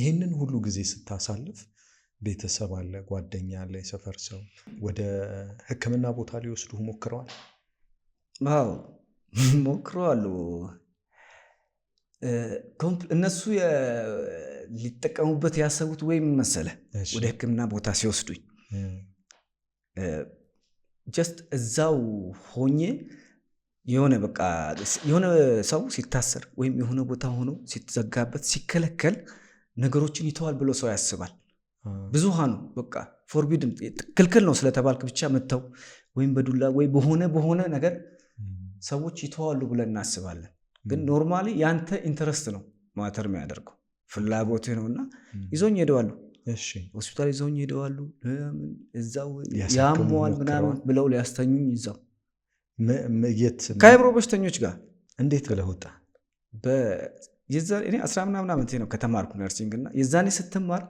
ይህንን ሁሉ ጊዜ ስታሳልፍ ቤተሰብ አለ፣ ጓደኛ አለ፣ የሰፈር ሰው ወደ ህክምና ቦታ ሊወስዱ ሞክረዋል? አዎ ሞክረዋሉ። እነሱ ሊጠቀሙበት ያሰቡት ወይም መሰለ ወደ ህክምና ቦታ ሲወስዱኝ ጀስት እዛው ሆኜ የሆነ በቃ የሆነ ሰው ሲታሰር ወይም የሆነ ቦታ ሆኖ ሲዘጋበት ሲከለከል ነገሮችን ይተዋል ብሎ ሰው ያስባል። ብዙሃኑ በቃ ፎርቢድን ክልክል ነው ስለተባልክ ብቻ መጥተው ወይም በዱላ ወይ በሆነ በሆነ ነገር ሰዎች ይተዋሉ ብለን እናስባለን። ግን ኖርማሊ ያንተ ኢንተረስት ነው ማተር የሚያደርገው ፍላጎትህ ነው እና ይዞኝ ሄደዋሉ ሆስፒታል ይዘውኝ ሄደዋሉ። እዛው ያመዋል ምናምን ብለው ሊያስተኙኝ እዛው ከአይምሮ በሽተኞች ጋር እንዴት ብለህ ወጣ እኔ አስራ ምናምን ዓመቴ ነው ከተማርኩ ነርሲንግ እና የዛኔ ስትማር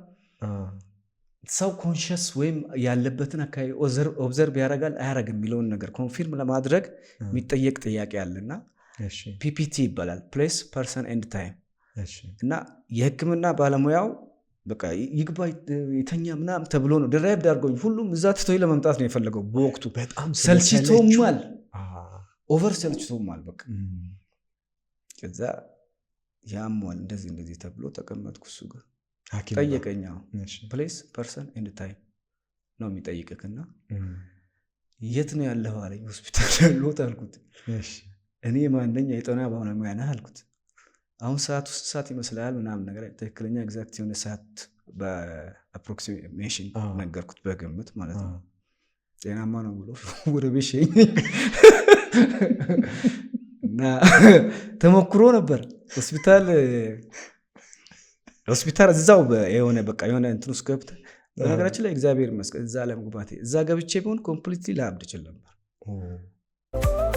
ሰው ኮንሽስ ወይም ያለበትን አካባቢ ኦብዘርቭ ያደርጋል አያረግ የሚለውን ነገር ኮንፊርም ለማድረግ የሚጠየቅ ጥያቄ አለና ፒፒቲ ይባላል፣ ፕሌስ ፐርሰን ኤንድ ታይም እና የህክምና ባለሙያው በቃ ይግባ የተኛ ምናም ተብሎ ነው ድራይቭ ዳርጎኝ ሁሉም እዛ ትቶ ለመምጣት ነው የፈለገው። በወቅቱ በጣም ሰልችቶማል፣ ኦቨር ሰልችቶማል። በቃ ከዛ ያሟል እንደዚህ እንደዚህ ተብሎ ተቀመጥኩ። እሱ ጋር ጠየቀኝ። ፕሌስ ፐርሰን ኤንድ ታይም ነው የሚጠይቅክና የት ነው ያለኸው አለኝ። ሆስፒታል ያለት አልኩት። እኔ ማንደኛ የጤና ባለሙያ ነህ አልኩት። አሁን ሰዓት ውስጥ ሰዓት ይመስላል ምናምን ነገር ትክክለኛ ኤግዛክት የሆነ ሰዓት በአፕሮክሲሜሽን ነገርኩት፣ በግምት ማለት ነው። ጤናማ ነው ብሎ ወደ ቤት ሸኘኝ። እና ተሞክሮ ነበር። ሆስፒታል ሆስፒታል እዛው የሆነ በቃ የሆነ እንትን ውስጥ ገብተህ በነገራችን ላይ እግዚአብሔር ይመስገን እዛ አለም እዛ ገብቼ ቢሆን ኮምፕሊትሊ ላብድ ችል ነበር።